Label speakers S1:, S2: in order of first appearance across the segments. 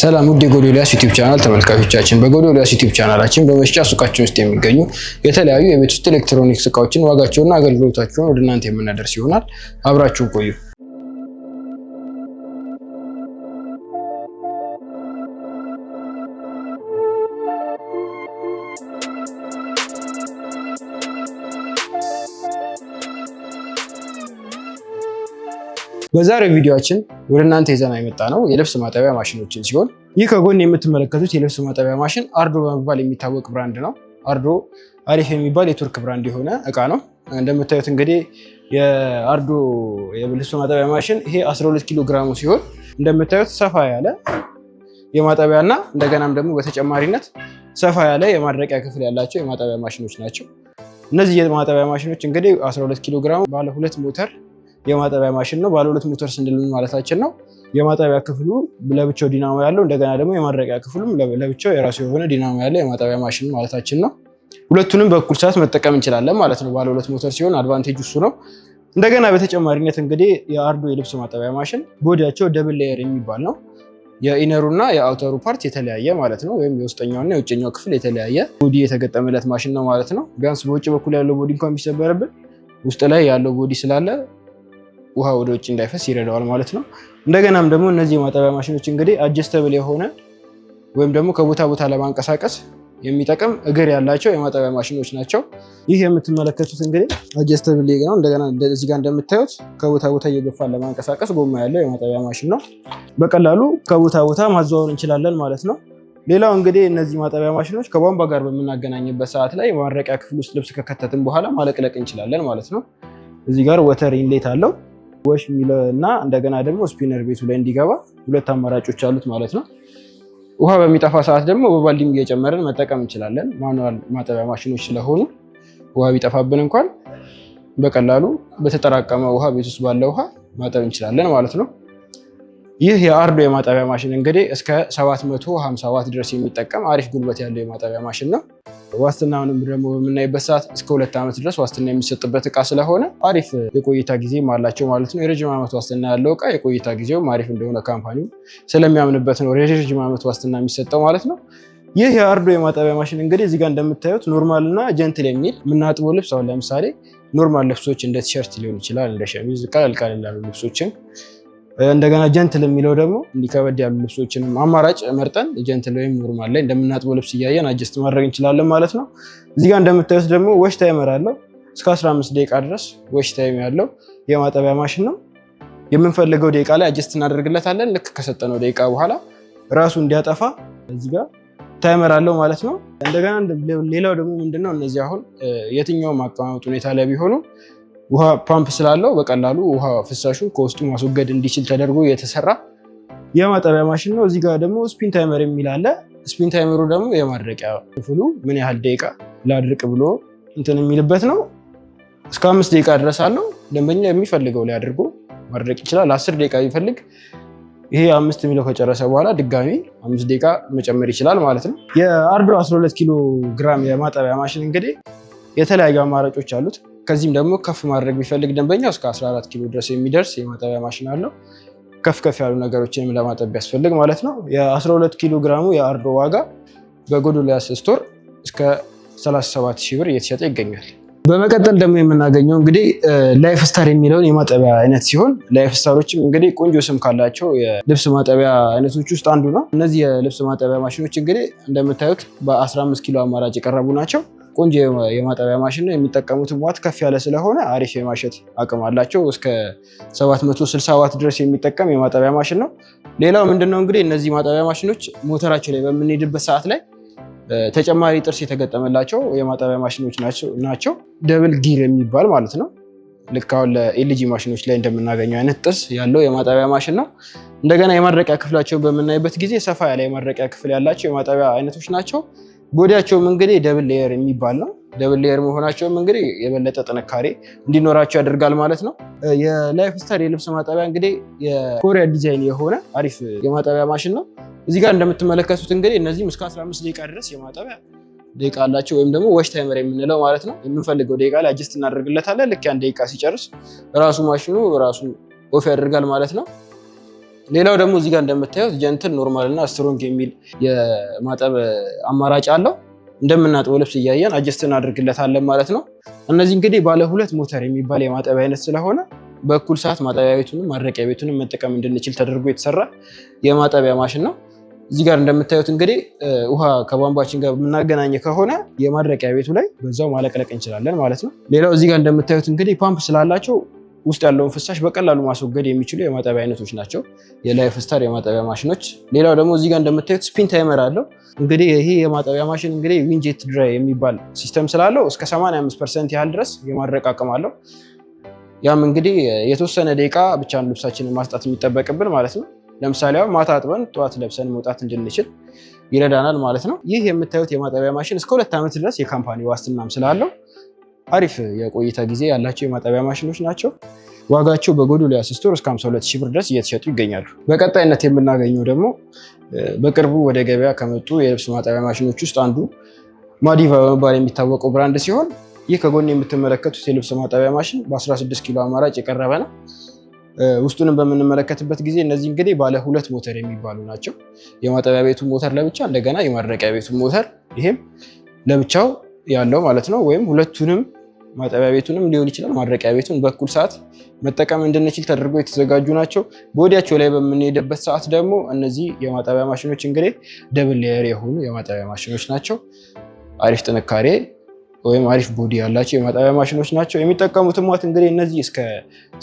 S1: ሰላም ውድ የጎዶልያስ ዩቲዩብ ቻናል ተመልካቾቻችን፣ በጎዶልያስ ዩቲዩብ ቻናላችን በመሸጫ ሱቃችን ውስጥ የሚገኙ የተለያዩ የቤት ውስጥ ኤሌክትሮኒክስ እቃዎችን ዋጋቸውና አገልግሎታቸውን ወደ እናንተ የምናደርስ ይሆናል። አብራችሁን ቆዩ። በዛሬው ቪዲዮአችን ወደ እናንተ ይዘና የመጣ ነው የልብስ ማጠቢያ ማሽኖችን ሲሆን ይህ ከጎን የምትመለከቱት የልብስ ማጠቢያ ማሽን አርዶ በመባል የሚታወቅ ብራንድ ነው። አርዶ አሪፍ የሚባል የቱርክ ብራንድ የሆነ እቃ ነው። እንደምታዩት እንግዲህ የአርዶ የልብስ ማጠቢያ ማሽን ይሄ 12 ኪሎ ግራሙ ሲሆን እንደምታዩት ሰፋ ያለ የማጠቢያ እና እንደገናም ደግሞ በተጨማሪነት ሰፋ ያለ የማድረቂያ ክፍል ያላቸው የማጠቢያ ማሽኖች ናቸው። እነዚህ የማጠቢያ ማሽኖች እንግዲህ 12 ኪሎ ግራም ባለ ሁለት ሞተር የማጠቢያ ማሽን ነው። ባለ ሁለት ሞተር ስንል ማለታችን ነው። የማጠቢያ ክፍሉ ለብቻው ዲናሞ ያለው እንደገና ደግሞ የማድረቂያ ክፍሉም ለብቻው የራሱ የሆነ ዲናሞ ያለው የማጠቢያ ማሽን ማለታችን ነው። ሁለቱንም በእኩል ሰዓት መጠቀም እንችላለን ማለት ነው። ባለ ሁለት ሞተር ሲሆን አድቫንቴጅ እሱ ነው። እንደገና በተጨማሪነት እንግዲህ የአርዶ የልብስ ማጠቢያ ማሽን ቦዲያቸው ደብል ሌየር የሚባል ነው። የኢነሩ እና የአውተሩ ፓርት የተለያየ ማለት ነው። ወይም የውስጠኛው እና የውጭኛው ክፍል የተለያየ ቦዲ የተገጠመለት ማሽን ነው ማለት ነው። ቢያንስ በውጭ በኩል ያለው ቦዲ እንኳን ቢሰበርብን ውስጥ ላይ ያለው ቦዲ ስላለ ውሃ ወደ ውጭ እንዳይፈስ ይረዳዋል ማለት ነው። እንደገናም ደግሞ እነዚህ የማጠቢያ ማሽኖች እንግዲህ አጀስተብል የሆነ ወይም ደግሞ ከቦታ ቦታ ለማንቀሳቀስ የሚጠቅም እግር ያላቸው የማጠቢያ ማሽኖች ናቸው። ይህ የምትመለከቱት እንግዲህ አጀስተብል ነው። እንደገና እዚህ ጋር እንደምታዩት ከቦታ ቦታ እየገፋን ለማንቀሳቀስ ጎማ ያለው የማጠቢያ ማሽን ነው። በቀላሉ ከቦታ ቦታ ማዘዋወር እንችላለን ማለት ነው። ሌላው እንግዲህ እነዚህ ማጠቢያ ማሽኖች ከቧንቧ ጋር በምናገናኝበት ሰዓት ላይ ማድረቂያ ክፍል ውስጥ ልብስ ከከተትን በኋላ ማለቅለቅ እንችላለን ማለት ነው። እዚህ ጋር ወተር ኢንሌት አለው። ጎሽ እና እንደገና ደግሞ ስፒነር ቤቱ ላይ እንዲገባ ሁለት አማራጮች አሉት ማለት ነው። ውሃ በሚጠፋ ሰዓት ደግሞ በባልዲም እየጨመረን መጠቀም እንችላለን። ማኑዋል ማጠቢያ ማሽኖች ስለሆኑ ውሃ ቢጠፋብን እንኳን በቀላሉ በተጠራቀመ ውሃ ቤት ውስጥ ባለ ውሃ ማጠብ እንችላለን ማለት ነው። ይህ የአርዶ የማጠቢያ ማሽን እንግዲህ እስከ 750 ዋት ድረስ የሚጠቀም አሪፍ ጉልበት ያለው የማጠቢያ ማሽን ነው። ዋስትናውንም ደግሞ በምናይበት ሰዓት እስከ ሁለት ዓመት ድረስ ዋስትና የሚሰጥበት እቃ ስለሆነ አሪፍ የቆይታ ጊዜ አላቸው ማለት ነው። የረዥም ዓመት ዋስትና ያለው እቃ የቆይታ ጊዜውም አሪፍ እንደሆነ ካምፓኒ ስለሚያምንበት ነው የረዥም ዓመት ዋስትና የሚሰጠው ማለት ነው። ይህ የአርዶ የማጠቢያ ማሽን እንግዲህ እዚጋ እንደምታዩት ኖርማል እና ጀንትል የሚል የምናጥበው ልብስ አሁን ለምሳሌ ኖርማል ልብሶች እንደ ቲሸርት ሊሆን ይችላል፣ እንደ ሸሚዝ ቀለል ቀለል ያሉ ልብሶችን እንደገና ጀንትል የሚለው ደግሞ እንዲከበድ ያሉ ልብሶችንም አማራጭ መርጠን ጀንትል ወይም ኖርማል ላይ እንደምናጥበው ልብስ እያየን አጀስት ማድረግ እንችላለን ማለት ነው። እዚህ ጋር እንደምታዩት ደግሞ ወሽ ታይመር አለው። እስከ 15 ደቂቃ ድረስ ወሽ ታይም ያለው የማጠቢያ ማሽን ነው። የምንፈልገው ደቂቃ ላይ አጀስት እናደርግለታለን። ልክ ከሰጠነው ደቂቃ በኋላ ራሱ እንዲያጠፋ እዚህ ጋር ታይመር አለው ማለት ነው። እንደገና ሌላው ደግሞ ምንድነው እነዚህ አሁን የትኛውም አቀማመጥ ሁኔታ ላይ ቢሆኑ ውሃ ፓምፕ ስላለው በቀላሉ ውሃ ፍሳሹ ከውስጡ ማስወገድ እንዲችል ተደርጎ የተሰራ የማጠቢያ ማሽን ነው። እዚህ ጋር ደግሞ ስፒን ታይመር የሚል አለ። ስፒን ታይመሩ ደግሞ የማድረቂያ ክፍሉ ምን ያህል ደቂቃ ላድርቅ ብሎ እንትን የሚልበት ነው። እስከ አምስት ደቂቃ ድረስ አለው። ደንበኛ የሚፈልገው ላይ አድርጎ ማድረቅ ይችላል። አስር ደቂቃ ቢፈልግ ይሄ አምስት የሚለው ከጨረሰ በኋላ ድጋሚ አምስት ደቂቃ መጨመር ይችላል ማለት ነው። የአርዶ 12 ኪሎ ግራም የማጠቢያ ማሽን እንግዲህ የተለያዩ አማራጮች አሉት። ከዚህም ደግሞ ከፍ ማድረግ ቢፈልግ ደንበኛ እስከ 14 ኪሎ ድረስ የሚደርስ የማጠቢያ ማሽን አለው። ከፍ ከፍ ያሉ ነገሮችንም ለማጠብ ቢያስፈልግ ማለት ነው። የ12 ኪሎ ግራሙ የአርዶ ዋጋ በጎዶልያስ ስቶር እስከ 37 ሺህ ብር እየተሸጠ ይገኛል። በመቀጠል ደግሞ የምናገኘው እንግዲህ ላይፍ ስታር የሚለውን የማጠቢያ አይነት ሲሆን ላይፍ ስታሮችም እንግዲህ ቆንጆ ስም ካላቸው የልብስ ማጠቢያ አይነቶች ውስጥ አንዱ ነው። እነዚህ የልብስ ማጠቢያ ማሽኖች እንግዲህ እንደምታዩት በ15 ኪሎ አማራጭ የቀረቡ ናቸው። ቆንጆ የማጠቢያ ማሽን ነው። የሚጠቀሙትም ዋት ከፍ ያለ ስለሆነ አሪፍ የማሸት አቅም አላቸው። እስከ 760 ዋት ድረስ የሚጠቀም የማጠቢያ ማሽን ነው። ሌላው ምንድነው እንግዲህ እነዚህ ማጠቢያ ማሽኖች ሞተራቸው ላይ በምንሄድበት ሰዓት ላይ ተጨማሪ ጥርስ የተገጠመላቸው የማጠቢያ ማሽኖች ናቸው። ደብል ጊር የሚባል ማለት ነው። ልክ አሁን ለኤልጂ ማሽኖች ላይ እንደምናገኘው አይነት ጥርስ ያለው የማጠቢያ ማሽን ነው። እንደገና የማድረቂያ ክፍላቸውን በምናይበት ጊዜ ሰፋ ያለ የማድረቂያ ክፍል ያላቸው የማጠቢያ አይነቶች ናቸው። ቦዲያቸውም እንግዲህ ደብል ሌየር የሚባል ነው። ደብል ሌየር መሆናቸውም እንግዲህ የበለጠ ጥንካሬ እንዲኖራቸው ያደርጋል ማለት ነው። የላይፍ ስታይል የልብስ ማጠቢያ እንግዲህ የኮሪያ ዲዛይን የሆነ አሪፍ የማጠቢያ ማሽን ነው። እዚህ ጋር እንደምትመለከቱት እንግዲህ እነዚህም እስከ 15 ደቂቃ ድረስ የማጠቢያ ደቂቃ አላቸው ወይም ደግሞ ዋሽ ታይመር የምንለው ማለት ነው። የምንፈልገው ደቂቃ ላይ አጀስት እናደርግለታለን። ልክ ያን ደቂቃ ሲጨርስ ራሱ ማሽኑ ራሱ ኦፍ ያደርጋል ማለት ነው። ሌላው ደግሞ እዚህ ጋር እንደምታዩት ጀንትል ኖርማል እና ስትሮንግ የሚል የማጠብ አማራጭ አለው። እንደምናጥበው ልብስ እያየን አጀስት እናደርግለታለን ማለት ነው። እነዚህ እንግዲህ ባለ ሁለት ሞተር የሚባል የማጠብ አይነት ስለሆነ በእኩል ሰዓት ማጠቢያ ቤቱንም ማድረቂያ ቤቱንም መጠቀም እንድንችል ተደርጎ የተሰራ የማጠቢያ ማሽን ነው። እዚህ ጋር እንደምታዩት እንግዲህ ውሃ ከቧንቧችን ጋር የምናገናኝ ከሆነ የማድረቂያ ቤቱ ላይ በዛው ማለቅለቅ እንችላለን ማለት ነው። ሌላው እዚህ ጋር እንደምታዩት እንግዲህ ፓምፕ ስላላቸው ውስጥ ያለውን ፍሳሽ በቀላሉ ማስወገድ የሚችሉ የማጠቢያ አይነቶች ናቸው የላይፍ ስታር የማጠቢያ ማሽኖች። ሌላው ደግሞ እዚህ ጋር እንደምታዩት ስፒን ታይመር አለው። እንግዲህ ይሄ የማጠቢያ ማሽን እንግዲህ ዊንጄት ድራይ የሚባል ሲስተም ስላለው እስከ 85 ፐርሰንት ያህል ድረስ የማድረቅ አቅም አለው። ያም እንግዲህ የተወሰነ ደቂቃ ብቻ ልብሳችንን ማስጣት የሚጠበቅብን ማለት ነው። ለምሳሌ አሁን ማታ አጥበን ጠዋት ለብሰን መውጣት እንድንችል ይረዳናል ማለት ነው። ይህ የምታዩት የማጠቢያ ማሽን እስከ ሁለት ዓመት ድረስ የካምፓኒ ዋስትናም ስላለው አሪፍ የቆይታ ጊዜ ያላቸው የማጠቢያ ማሽኖች ናቸው። ዋጋቸው በጎዶልያስ ስቶር እስከ 52 ሺህ ብር ድረስ እየተሸጡ ይገኛሉ። በቀጣይነት የምናገኘው ደግሞ በቅርቡ ወደ ገበያ ከመጡ የልብስ ማጠቢያ ማሽኖች ውስጥ አንዱ ማዲቫ በመባል የሚታወቀው ብራንድ ሲሆን ይህ ከጎን የምትመለከቱት የልብስ ማጠቢያ ማሽን በ16 ኪሎ አማራጭ የቀረበ ነው። ውስጡንም በምንመለከትበት ጊዜ እነዚህ እንግዲህ ባለ ሁለት ሞተር የሚባሉ ናቸው። የማጠቢያ ቤቱ ሞተር ለብቻ እንደገና የማድረቂያ ቤቱ ሞተር ይሄም ለብቻው ያለው ማለት ነው። ወይም ሁለቱንም ማጠቢያ ቤቱንም ሊሆን ይችላል ማድረቂያ ቤቱን በኩል ሰዓት መጠቀም እንድንችል ተደርጎ የተዘጋጁ ናቸው። በወዲያቸው ላይ በምንሄድበት ሰዓት ደግሞ እነዚህ የማጠቢያ ማሽኖች እንግዲህ ደብል ሌየር የሆኑ የማጠቢያ ማሽኖች ናቸው። አሪፍ ጥንካሬ ወይም አሪፍ ቦዲ ያላቸው የማጠቢያ ማሽኖች ናቸው። የሚጠቀሙትም ዋት እንግዲህ እነዚህ እስከ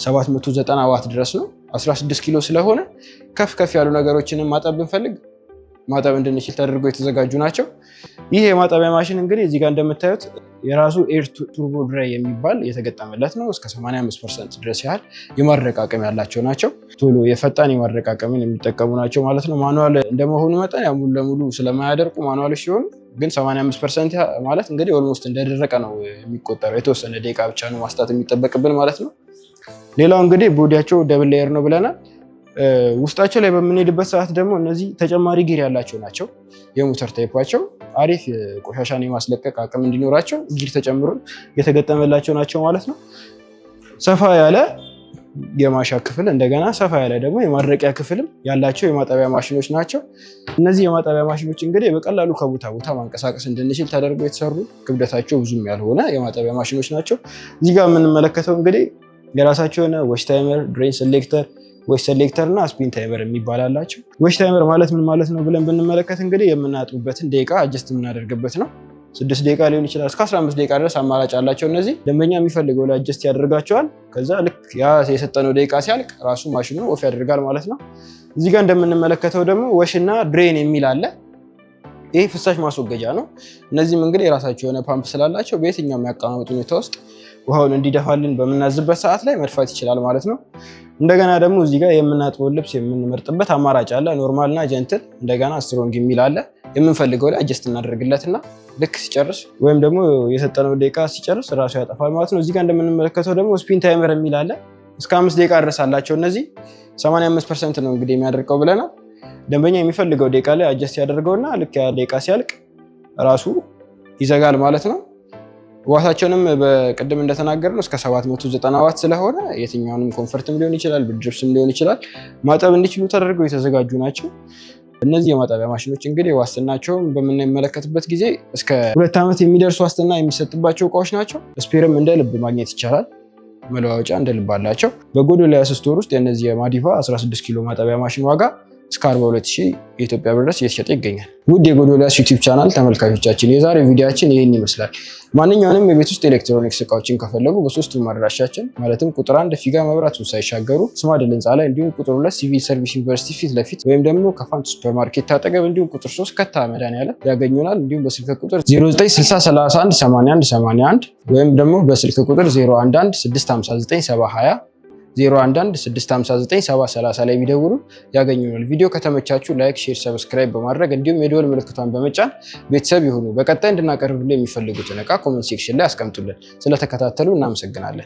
S1: 790 ዋት ድረስ ነው። 16 ኪሎ ስለሆነ ከፍ ከፍ ያሉ ነገሮችንም ማጠብ ብንፈልግ ማጠብ እንድንችል ተደርገው የተዘጋጁ ናቸው። ይህ የማጠቢያ ማሽን እንግዲህ እዚህ ጋር እንደምታዩት የራሱ ኤር ቱርቦ ድራይ የሚባል የተገጠመለት ነው። እስከ 85 ፐርሰንት ድረስ ያህል የማረቃቀም ያላቸው ናቸው። ቶሎ የፈጣን የማረቃቀምን የሚጠቀሙ ናቸው ማለት ነው። ማኑዋል እንደመሆኑ መጠን ሙሉ ለሙሉ ስለማያደርቁ ማኑዋሎች ሲሆኑ ግን 85 ፐርሰንት ማለት እንግዲህ ኦልሞስት እንደደረቀ ነው የሚቆጠረው። የተወሰነ ደቂቃ ብቻ ነው ማስታት የሚጠበቅብን ማለት ነው። ሌላው እንግዲህ ቦዲያቸው ደብል ሌየር ነው ብለናል። ውስጣቸው ላይ በምንሄድበት ሰዓት ደግሞ እነዚህ ተጨማሪ ጊር ያላቸው ናቸው። የሞተር ታይፓቸው አሪፍ ቆሻሻን የማስለቀቅ አቅም እንዲኖራቸው ጊር ተጨምሮ የተገጠመላቸው ናቸው ማለት ነው። ሰፋ ያለ የማሻ ክፍል እንደገና ሰፋ ያለ ደግሞ የማድረቂያ ክፍልም ያላቸው የማጠቢያ ማሽኖች ናቸው። እነዚህ የማጠቢያ ማሽኖች እንግዲህ በቀላሉ ከቦታ ቦታ ማንቀሳቀስ እንድንችል ተደርገው የተሰሩ ክብደታቸው ብዙም ያልሆነ የማጠቢያ ማሽኖች ናቸው። እዚህ ጋር የምንመለከተው እንግዲህ የራሳቸው የሆነ ዎሽ ታይመር፣ ድሬን ሴሌክተር ወሽ ሴሌክተር እና ስፒን ታይመር የሚባል አላቸው። ታይመር ማለት ምን ማለት ነው ብለን ብንመለከት እንግዲህ የምናጥብበትን ደቂቃ አጀስት የምናደርግበት ነው። ስድስት ደቂቃ ሊሆን ይችላል እስከ 15 ደቂቃ ድረስ አማራጭ አላቸው። እነዚህ ደንበኛ የሚፈልገው ላይ አጀስት ያደርጋቸዋል። ከዛ ልክ ያ የሰጠነው ደቂቃ ሲያልቅ ራሱ ማሽኑ ኦፍ ያደርጋል ማለት ነው። እዚህ ጋር እንደምንመለከተው ደግሞ ወሽና ድሬን የሚል አለ። ይህ ፍሳሽ ማስወገጃ ነው። እነዚህም እንግዲህ የራሳቸው የሆነ ፓምፕ ስላላቸው በየትኛው ያቀማመጥ ሁኔታ ውስጥ ውሃውን እንዲደፋልን በምናዝበት ሰዓት ላይ መድፋት ይችላል ማለት ነው። እንደገና ደግሞ እዚህ ጋር የምናጥበውን ልብስ የምንመርጥበት አማራጭ አለ። ኖርማል እና ጀንትል፣ እንደገና ስትሮንግ የሚል አለ። የምንፈልገው ላይ አጀስት እናደርግለትና ልክ ሲጨርስ ወይም ደግሞ የሰጠነው ደቂቃ ሲጨርስ ራሱ ያጠፋል ማለት ነው። እዚህ ጋር እንደምንመለከተው ደግሞ ስፒን ታይመር የሚል አለ። እስከ አምስት ደቂቃ ድረስ አላቸው። እነዚህ 85 ፐርሰንት ነው እንግዲህ የሚያደርቀው ብለናል። ደንበኛ የሚፈልገው ደቂቃ ላይ አጀስት ያደርገውና ልክ ያ ደቂቃ ሲያልቅ ራሱ ይዘጋል ማለት ነው። ዋታቸውንም በቅድም እንደተናገር እስከ 790 ዋት ስለሆነ የትኛውንም ኮንፈርትም ሊሆን ይችላል፣ ብድርስም ሊሆን ይችላል ማጠብ እንዲችሉ ተደርገው የተዘጋጁ ናቸው። እነዚህ የማጠቢያ ማሽኖች እንግዲህ ዋስትናቸውን በምንመለከትበት ጊዜ እስከ ሁለት ዓመት የሚደርስ ዋስትና የሚሰጥባቸው እቃዎች ናቸው። ስፔርም እንደ ልብ ማግኘት ይቻላል። መለዋወጫ እንደ ልብ አላቸው። በጎዶልያስ ስቶር ውስጥ የእነዚህ የማዲቫ 16 ኪሎ ማጠቢያ ማሽን ዋጋ እስከ 42000 የኢትዮጵያ ብር ድረስ እየተሸጠ ይገኛል። ውድ የጎዶልያስ ዩቲዩብ ቻናል ተመልካቾቻችን የዛሬ ቪዲዮአችን ይህን ይመስላል። ማንኛውንም የቤት ውስጥ ኤሌክትሮኒክስ እቃዎችን ከፈለጉ በሶስቱ አድራሻችን ማለትም ቁጥር አንድ ፊጋ መብራቱን ሳይሻገሩ ስማድል ህንፃ ላይ እንዲሁም ቁጥር ሁለት ሲቪል ሰርቪስ ዩኒቨርሲቲ ፊት ለፊት ወይም ደግሞ ከፋንት ሱፐርማርኬት አጠገብ እንዲሁም ቁጥር ሶስት ከታ መድኃኒዓለም ያገኙናል። እንዲሁም በስልክ ቁጥር 0960318181 ወይም ደግሞ በስልክ ቁጥር 0116597020 011659730 ላይ ቢደውሉ ያገኙናል። ቪዲዮ ከተመቻችሁ ላይክ፣ ሼር፣ ሰብስክራይብ በማድረግ እንዲሁም የደወል ምልክቷን በመጫን ቤተሰብ ይሁኑ። በቀጣይ እንድናቀርብ የሚፈልጉትን እቃ ኮመንት ሴክሽን ላይ አስቀምጡልን። ስለተከታተሉ እናመሰግናለን።